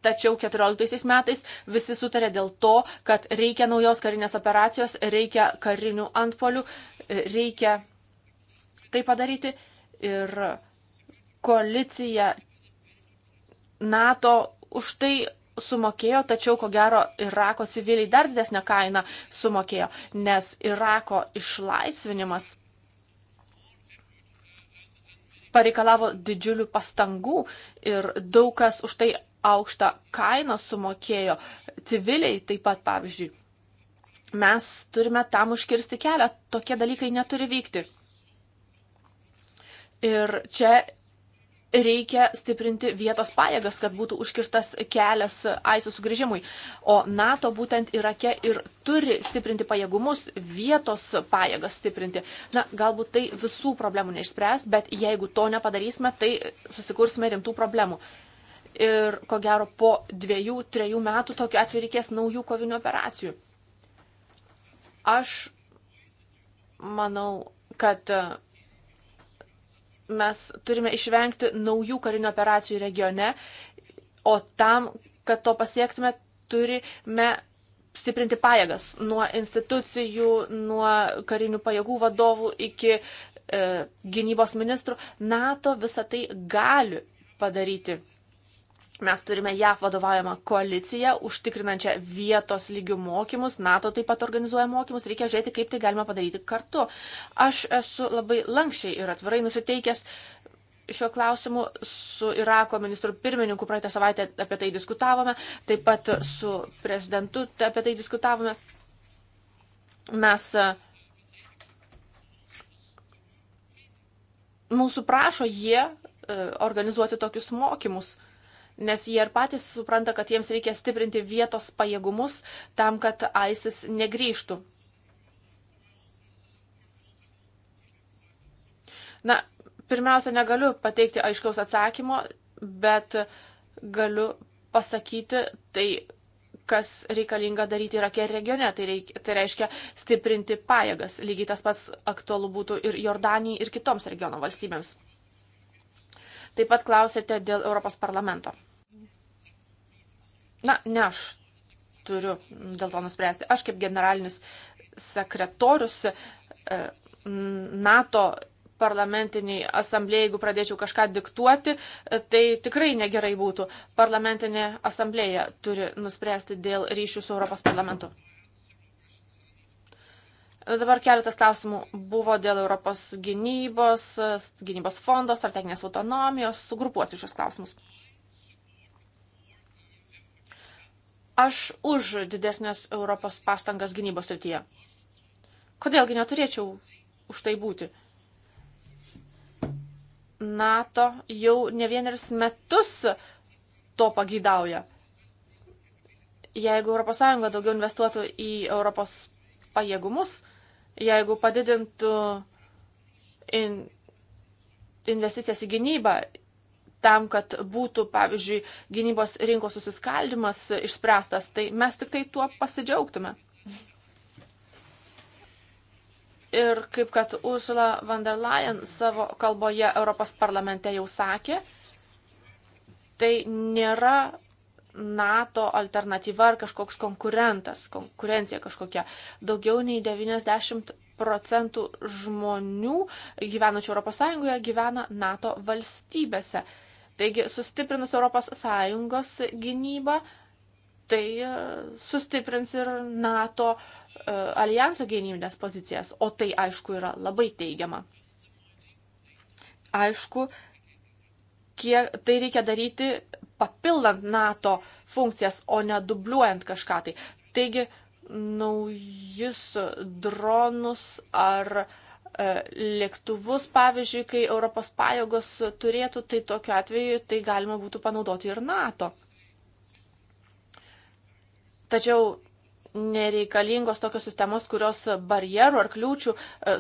tačiau 2014 metais visi sutarė dėl to, kad reikia naujos karinės operacijos, reikia karinių antpolių, e, reikia tai padaryti. Ir koalicija NATO už tai sumokėjo, tačiau ko gero Irako civiliai dar didesnę kainą sumokėjo, nes Irako išlaisvinimas pareikalavo didžiulių pastangų ir daug kas už tai aukštą kainą sumokėjo civiliai taip pat, pavyzdžiui. Mes turime tam užkirsti kelią, tokie dalykai neturi vykti. Ir čia reikia stiprinti vietos pajėgas, kad būtų užkirstas kelias AISIS sugrįžimui. O NATO būtent Irake ir turi stiprinti pajėgumus, vietos pajėgas stiprinti. Na, galbūt tai visų problemų neišspręs, bet jeigu to nepadarysime, tai susikursime rimtų problemų. Ir ko gero po dviejų, trejų metų tokiu atveju reikės naujų kovinių operacijų. Aš manau, kad mes turime išvengti naujų karinių operacijų regione, o tam, kad to pasiektume, turime stiprinti pajėgas nuo institucijų, nuo karinių pajėgų vadovų iki e, gynybos ministrų. NATO visą tai gali padaryti. Mes turime JAV vadovaujamą koaliciją, užtikrinančią vietos lygių mokymus, NATO taip pat organizuoja mokymus, reikia žiūrėti, kaip tai galima padaryti kartu. Aš esu labai lankščiai ir atvirai nusiteikęs šiuo klausimu su Irako ministru pirmininku praeitą savaitę apie tai diskutavome, taip pat su prezidentu apie tai diskutavome. Mes e, mūsų prašo jie e, organizuoti tokius mokymus nes jie ir patys supranta, kad jiems reikia stiprinti vietos pajėgumus tam, kad ISIS negrįžtų. Na, pirmiausia, negaliu pateikti aiškaus atsakymo, bet galiu pasakyti tai, kas reikalinga daryti Irake regione. Tai, reik, tai reiškia stiprinti pajėgas. Lygiai tas pats aktualu būtų ir Jordanijai, ir kitoms regiono valstybėms. Taip pat klausėte dėl Europos parlamento. Na, ne aš turiu dėl to nuspręsti. Aš kaip generalinis sekretorius e, NATO parlamentiniai asamblėjai, jeigu pradėčiau kažką diktuoti, e, tai tikrai negerai būtų. Parlamentinė asamblėja turi nuspręsti dėl ryšių su Europos parlamentu. Dabar keletas klausimų buvo dėl Europos gynybos, gynybos fondo, strateginės autonomijos. Sugrupuosiu šios klausimus. Aš už didesnės Europos pastangas gynybos srityje. Kodėlgi neturėčiau už tai būti? NATO jau ne vienerius metus to pagydauja. Jeigu ES daugiau investuotų į Europos pajėgumus, jeigu padidintų in, investicijas į gynybą tam, kad būtų, pavyzdžiui, gynybos rinkos susiskaldimas išspręstas, tai mes tik tai tuo pasidžiaugtume. Ir kaip kad Ursula von der Leyen savo kalboje Europos parlamente jau sakė, tai nėra NATO alternatyva ar kažkoks konkurentas, konkurencija kažkokia. Daugiau nei 90 procentų žmonių gyvenančių ES gyvena NATO valstybėse. Taigi, sustiprinus ES gynybą, tai e, sustiprins ir NATO e, alijanso gynybinės pozicijas, o tai aišku yra labai teigiama. Aišku, kiek tai reikia daryti papildant NATO funkcijas, o ne dubliuojant kažką tai. Taigi, naujus dronus ar e, lėktuvus, pavyzdžiui, kai Europos pajėgos turėtų, tai tokiu atveju tai galima būtų panaudoti ir NATO. Tačiau nereikalingos tokios sistemos, kurios barjerų ar kliūčių e,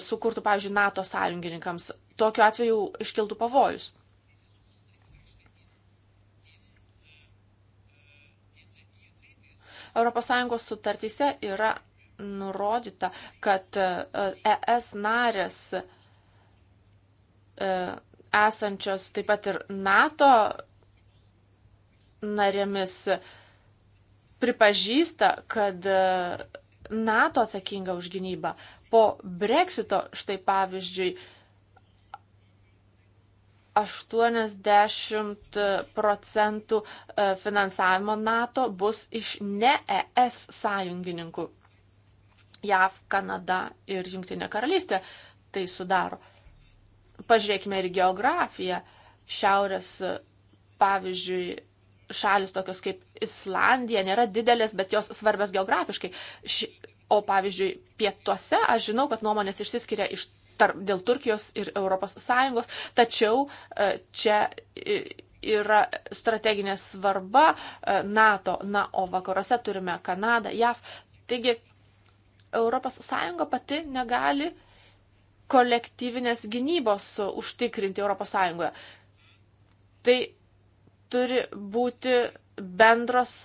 sukurtų, pavyzdžiui, NATO sąjungininkams. Tokiu atveju iškiltų pavojus. ES sutartyse yra nurodyta, kad ES e narės e, esančios taip pat ir NATO narėmis pripažįsta, kad e, NATO atsakinga už gynybą. Po Brexito, štai pavyzdžiui, 80 procentų e, finansavimo NATO bus iš ne ES sąjungininkų. JAV, Kanada ir Junktinė karalystė tai sudaro. Pažiūrėkime ir geografiją. Šiaurės, pavyzdžiui, šalis tokios kaip Islandija nėra didelės, bet jos svarbios geografiškai. Ši, o pavyzdžiui, pietuose aš žinau, kad nuomonės išsiskiria iš tarp, dėl Turkijos ir ES, tačiau e, čia yra strateginė svarba e, NATO, na, o vakaruose turime Kanadą, JAV. Taigi ES pati negali kolektyvinės gynybos užtikrinti ES. Tai turi būti bendros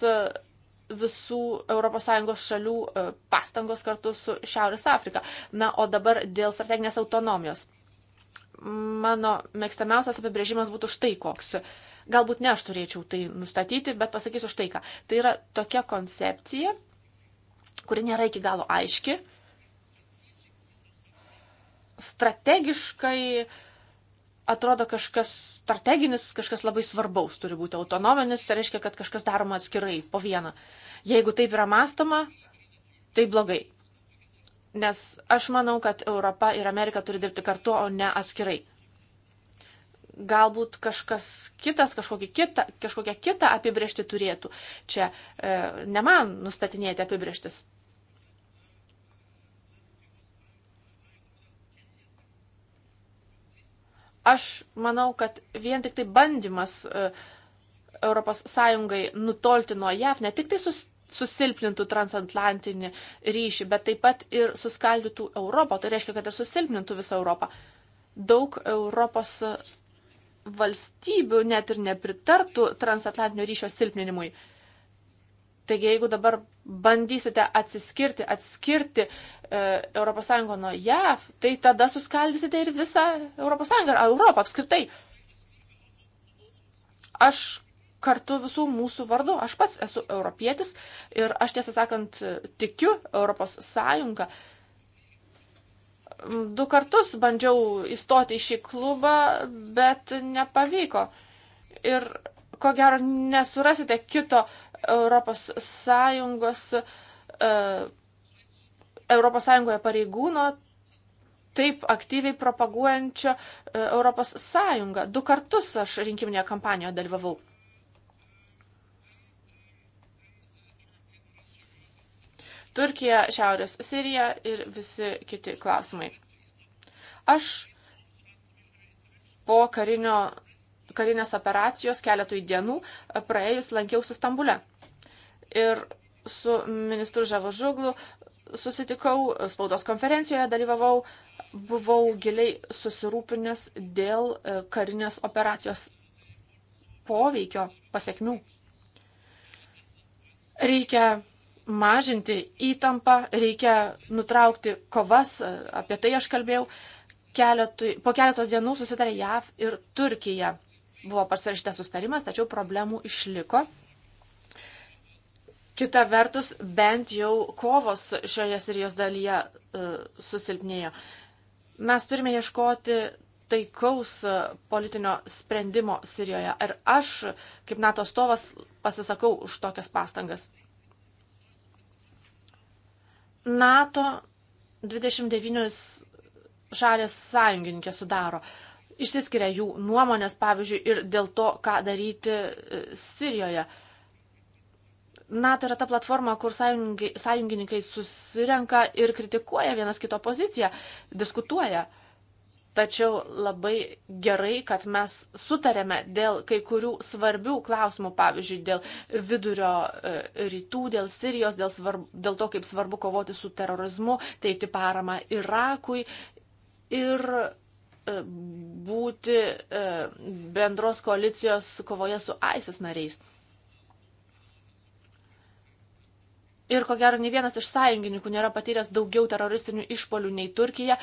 visų ES šalių e, pastangos kartu su Šiaurės Afrika. Na, o dabar dėl strateginės autonomijos. Mano mėgstamiausias apibrėžimas būtų štai koks. Galbūt ne aš turėčiau tai nustatyti, bet pasakysiu štai ką. Tai yra tokia koncepcija, kuri nėra iki galo aiški. Strategiškai uh, atrodo kažkas strateginis, kažkas labai svarbaus turi būti autonominis, tai reiškia, kad kažkas daroma atskirai, po vieną. Jeigu taip yra mąstoma, tai blogai. Nes aš manau, kad Europa ir Amerika turi dirbti kartu, o ne atskirai. Galbūt kažkas kitas, kitą, kažkokią kitą apibriežtį turėtų. Čia e, ne man nustatinėti apibrieštis. Aš manau, kad vien tik tai bandymas ES nutolti nuo JAV ne tik tai sus, susilpnintų transatlantinį ryšį, bet taip pat ir suskaldytų Europą. Tai reiškia, kad ir susilpnintų visą Europą. Daug Europos valstybių net ir nepritartų transatlantinio ryšio silpninimui. Taigi, jeigu dabar bandysite atsiskirti, atskirti e, ES nuo JAV, tai tada suskaldysite ir visą ES ar Europą apskritai. Aš kartu visų mūsų vardu, aš pats esu europietis ir aš tiesą sakant tikiu ES. Du kartus bandžiau įstoti į šį klubą, bet nepavyko. Ir ko gero nesurasite kito Europos Sąjungos, e, Europos Sąjungoje pareigūno, taip aktyviai propaguojančio e, Europos Sąjungą. Du kartus aš rinkiminėje kampanijoje dalyvavau. Turkija, Šiaurės Sirija ir visi kiti klausimai. Aš po karinio karinės operacijos keletui dienų e, praėjus lankiausi Stambule. Ir su ministru Žavažuglu susitikau, spaudos konferencijoje dalyvavau, buvau giliai susirūpinęs dėl e, karinės operacijos poveikio pasiekmių. Reikia mažinti įtampą, reikia nutraukti kovas, e, apie tai aš kalbėjau, keletui, po keletos dienų susitarė JAV ir Turkija buvo pasirašytas sustarimas, tačiau problemų išliko. Kita vertus, bent jau kovos šioje Sirijos dalyje uh, susilpnėjo. Mes turime ieškoti taikaus e, politinio sprendimo Sirijoje. Ir aš, kaip NATO stovas, pasisakau už tokias pastangas. NATO 29 šalės sąjungininkė sudaro. Uh, Išsiskiria jų nuomonės, pavyzdžiui, ir dėl to, ką daryti e, Sirijoje. NATO yra ta platforma, kur sąjungi, sąjungininkai susirenka ir kritikuoja vienas kito poziciją, diskutuoja. Tačiau labai gerai, kad mes sutarėme dėl kai kurių svarbių klausimų, pavyzdžiui, dėl vidurio e, rytų, dėl Sirijos, dėl, svarb, dėl to, kaip svarbu kovoti su terorizmu, teikti paramą Irakui ir būti e, bendros koalicijos kovoje su ISIS nariais. Ir ko gero, ne vienas iš sąjungininkų nėra patyręs daugiau teroristinių išpolių nei Turkija.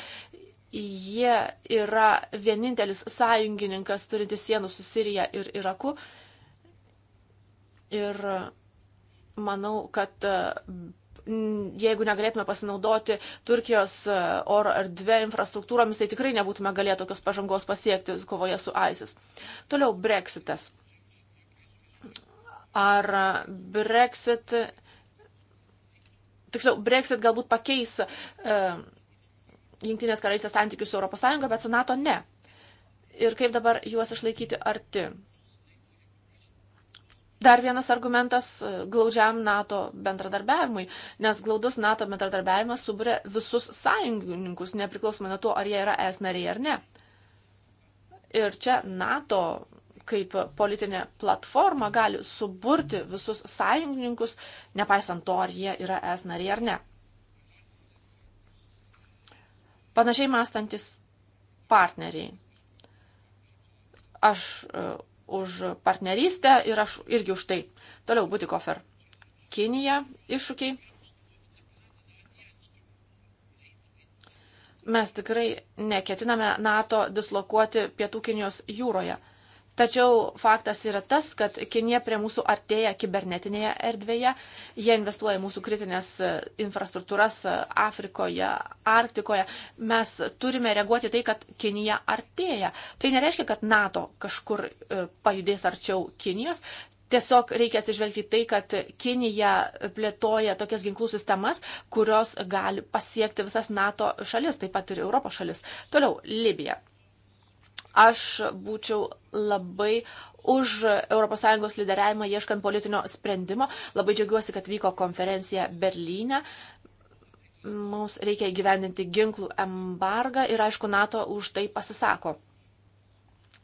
Jie yra vienintelis sąjungininkas turintis sienų su Sirija ir Iraku. Ir manau, kad e, jeigu negalėtume pasinaudoti Turkijos e, oro erdvė infrastruktūromis, tai tikrai nebūtume galėję tokios pažangos pasiekti kovoje su ISIS. Toliau Brexitas. Ar Brexit. Tiksliau, Brexit galbūt pakeis e, Junktinės karalystės santykius su ES, bet su NATO ne. Ir kaip dabar juos išlaikyti arti? Dar vienas argumentas e, glaudžiam NATO bendradarbiavimui, nes glaudus NATO bendradarbiavimas suburia visus sąjungininkus, nepriklausomai nuo to, ar jie yra es nariai ar ne. Ir čia NATO kaip politinė platforma gali suburti visus sąjungininkus, nepaisant to, ar jie yra es nariai ar ne. Panašiai mąstantis partneriai. Aš e, už partnerystę ir aš irgi už tai. Toliau būti kofer. Kinija iššūkiai. Mes tikrai neketiname NATO dislokuoti pietų Kinijos jūroje. Tačiau faktas yra tas, kad Kinija prie mūsų artėja kibernetinėje erdvėje, jie investuoja mūsų kritinės e, infrastruktūras e, Afrikoje, Arktikoje. Mes turime reaguoti tai, kad Kinija artėja. Tai nereiškia, kad NATO kažkur e, pajudės arčiau Kinijos. Tiesiog reikia atsižvelgti tai, kad Kinija plėtoja tokias ginklų sistemas, kurios gali pasiekti visas NATO šalis, taip pat ir Europos šalis. Toliau, Libija. Aš būčiau labai už ES lyderiavimą ieškant politinio sprendimo. Labai džiaugiuosi, kad vyko konferencija Berlyne. Mums reikia įgyvendinti ginklų embargą ir aišku, NATO už tai pasisako.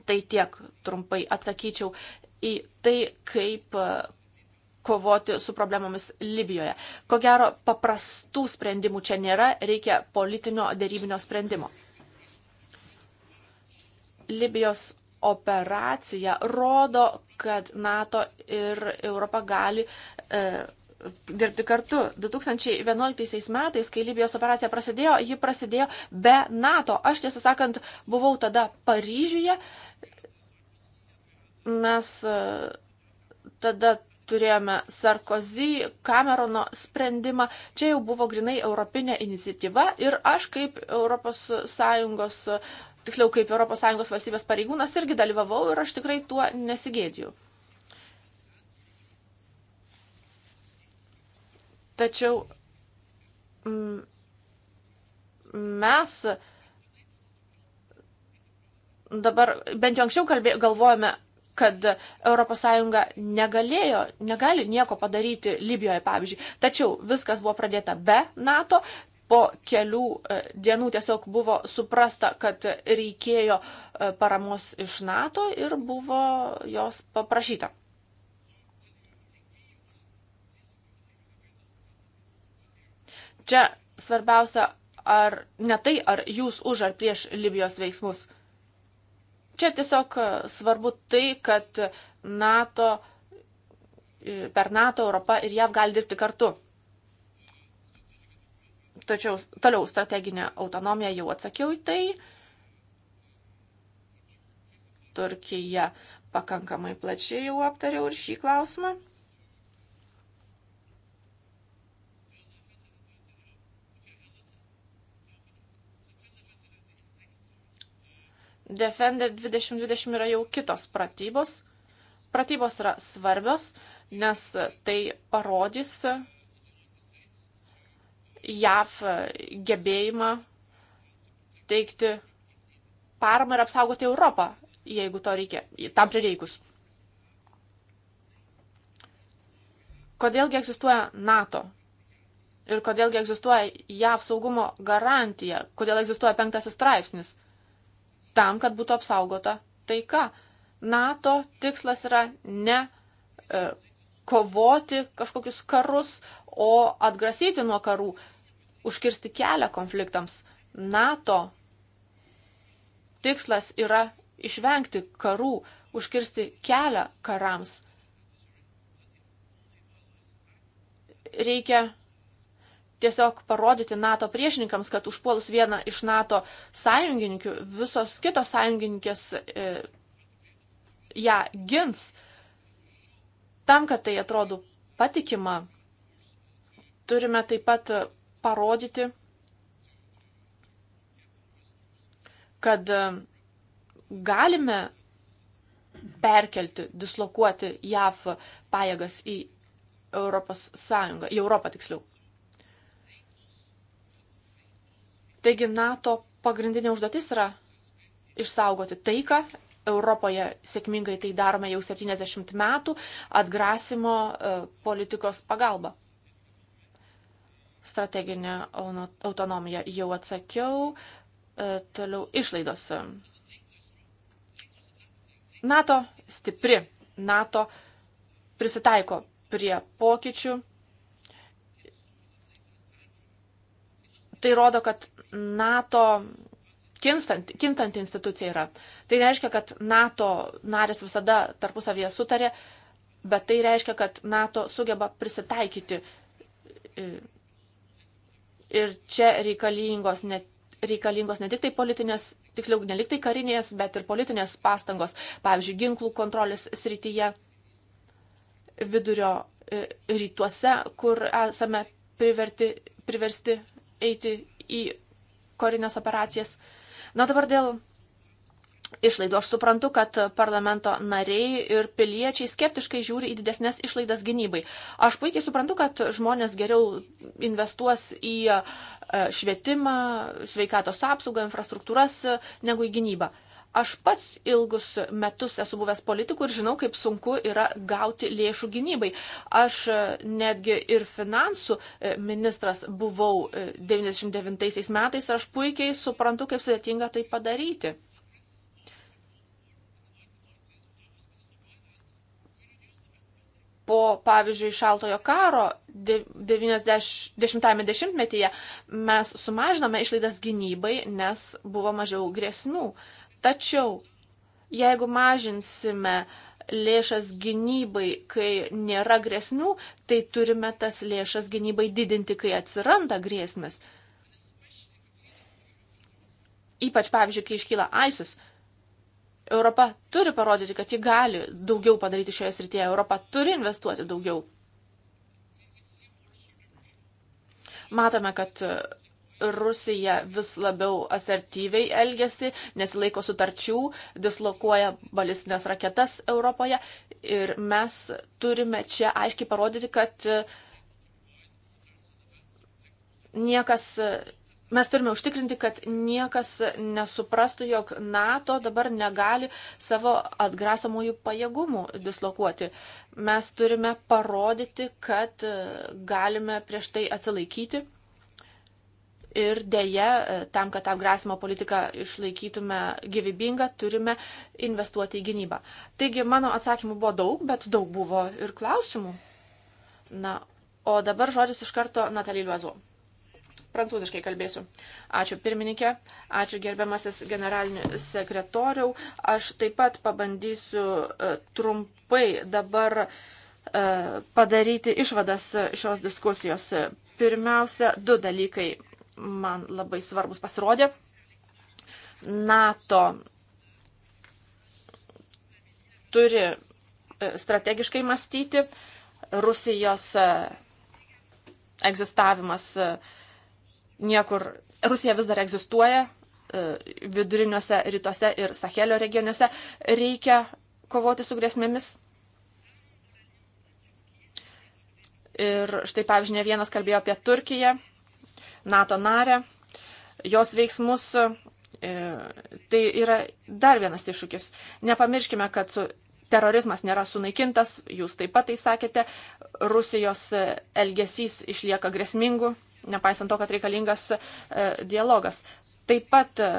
Tai tiek trumpai atsakyčiau į tai, kaip kovoti su problemomis Libijoje. Ko gero, paprastų sprendimų čia nėra, reikia politinio dėrybinio sprendimo. Libijos operacija rodo, kad NATO ir Europa gali e, dirbti kartu. 2011 metais, kai Libijos operacija prasidėjo, ji prasidėjo be NATO. Aš tiesą sakant, buvau tada Paryžiuje. Mes e, tada turėjome Sarkozy, Camerono sprendimą. Čia jau buvo grinai europinė iniciatyva ir aš kaip ES tiksliau kaip ES valstybės pareigūnas irgi dalyvavau ir aš tikrai tuo nesigėdžiu. Tačiau mm, mes dabar, bent jau anksčiau kalbė, galvojame, kad ES negalėjo, negali nieko padaryti Libijoje, pavyzdžiui. Tačiau viskas buvo pradėta be NATO, po kelių e, dienų tiesiog buvo suprasta, kad reikėjo e, paramos iš NATO ir buvo jos paprašyta. Čia svarbiausia, ar ne tai, ar jūs už ar prieš Libijos veiksmus. Čia tiesiog e, svarbu tai, kad NATO, per NATO Europą ir JAV gali dirbti kartu. Tačiau toliau strateginė autonomija jau atsakiau į tai. Turkija pakankamai plačiai jau aptariau ir šį klausimą. Defender 2020 yra jau kitos pratybos. Pratybos yra svarbios, nes tai parodys, JAV gebėjimą teikti paramą ir apsaugoti Europą, jeigu to reikia, tam prireikus. Kodėlgi egzistuoja NATO ir kodėlgi egzistuoja JAV saugumo garantija, kodėl egzistuoja penktasis straipsnis, tam, kad būtų apsaugota taika. NATO tikslas yra ne e, kovoti kažkokius karus, o atgrasyti nuo karų užkirsti kelią konfliktams. NATO tikslas yra išvengti karų, užkirsti kelią karams. Reikia tiesiog parodyti NATO priešininkams, kad užpuolus vieną iš NATO sąjungininkių, visos kitos sąjungininkės e, ją gins. Tam, kad tai atrodo patikima, turime taip pat parodyti, kad e, galime perkelti, dislokuoti JAV pajėgas į Europos Sąjungą, į Europą tiksliau. Taigi NATO pagrindinė užduotis yra išsaugoti taiką. Europoje sėkmingai tai darome jau 70 metų atgrasimo e, politikos pagalba strateginė autonomija jau atsakiau, e, toliau išlaidos. NATO stipri, NATO prisitaiko prie pokyčių. Tai rodo, kad NATO kinstant, kintanti institucija yra. Tai reiškia, kad NATO narės visada tarpusavėje sutarė, bet tai reiškia, kad NATO sugeba prisitaikyti e, Ir čia reikalingos ne, reikalingos ne tik tai politinės, tiksliau, ne tik tai karinės, bet ir politinės pastangos, pavyzdžiui, ginklų kontrolės srityje vidurio e, rytuose, kur esame priverti, priversti eiti į korinės operacijas. Na dabar dėl išlaidų. Aš suprantu, kad parlamento nariai ir piliečiai skeptiškai žiūri į didesnės išlaidas gynybai. Aš puikiai suprantu, kad žmonės geriau investuos į e, švietimą, sveikatos apsaugą, infrastruktūras e, negu į gynybą. Aš pats ilgus metus esu buvęs politikų ir žinau, kaip sunku yra gauti lėšų gynybai. Aš e, netgi ir finansų ministras buvau 99 metais ir aš puikiai suprantu, kaip sudėtinga tai padaryti. po, pavyzdžiui, šaltojo karo 90-ame dešimtmetyje mes sumažinome išlaidas gynybai, nes buvo mažiau grėsmių. Tačiau, jeigu mažinsime lėšas gynybai, kai nėra grėsmių, tai turime tas lėšas gynybai didinti, kai atsiranda grėsmės. Ypač, pavyzdžiui, kai iškyla ISIS, Europa turi parodyti, kad ji gali daugiau padaryti šioje srityje. Europa turi investuoti daugiau. Matome, kad Rusija vis labiau asertyviai elgesi, nesilaiko sutarčių, dislokuoja balistinės raketas Europoje ir mes turime čia aiškiai parodyti, kad niekas mes turime užtikrinti, kad niekas nesuprastų, jog NATO dabar negali savo atgrasamųjų pajėgumų dislokuoti. Mes turime parodyti, kad galime prieš tai atsilaikyti. Ir dėje, tam, kad apgrasimo politiką išlaikytume gyvybingą, turime investuoti į gynybą. Taigi, mano atsakymų buvo daug, bet daug buvo ir klausimų. Na, o dabar žodis iš karto Natalijai Luazu prancūziškai kalbėsiu. Ačiū pirmininkė, ačiū gerbiamasis generaliniu sekretoriau. Aš taip pat pabandysiu e, trumpai dabar e, padaryti išvadas šios diskusijos. Pirmiausia, du dalykai man labai svarbus pasirodė. NATO turi e, strategiškai mąstyti. Rusijos egzistavimas uh, niekur. Rusija vis dar egzistuoja e, viduriniuose rytuose ir Sahelio regionuose. Reikia kovoti su grėsmėmis. Ir štai pavyzdžiui, ne vienas kalbėjo apie Turkiją, NATO narę, jos veiksmus. E, tai yra dar vienas iššūkis. Nepamirškime, kad terorizmas nėra sunaikintas, jūs taip pat tai sakėte, Rusijos e, elgesys išlieka grėsmingu, nepaisant to, kad reikalingas e, dialogas. Taip pat, e,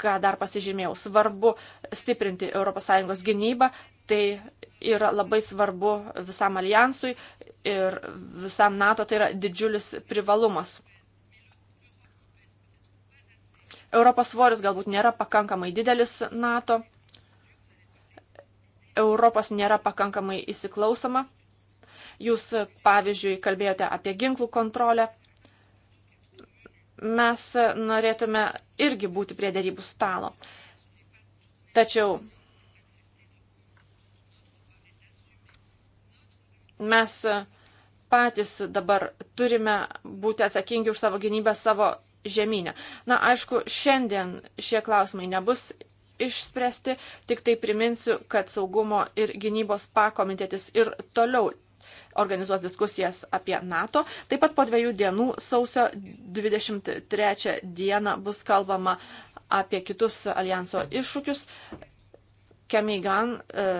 ką dar pasižymėjau, svarbu stiprinti ES gynybą, tai yra labai svarbu visam alijansui ir visam NATO, tai yra didžiulis privalumas. Europos svoris galbūt nėra pakankamai didelis NATO, Europos nėra pakankamai įsiklausoma. Jūs, pavyzdžiui, kalbėjote apie ginklų kontrolę, mes norėtume irgi būti prie dėrybų stalo. Tačiau mes patys dabar turime būti atsakingi už savo gynybę savo žemynę. Na, aišku, šiandien šie klausimai nebus išspręsti, tik tai priminsiu, kad saugumo ir gynybos pakomitėtis ir toliau organizuos diskusijas apie NATO. Taip pat po dviejų dienų, sausio 23 dieną, bus kalbama apie kitus alijanso iššūkius. Kemigan e,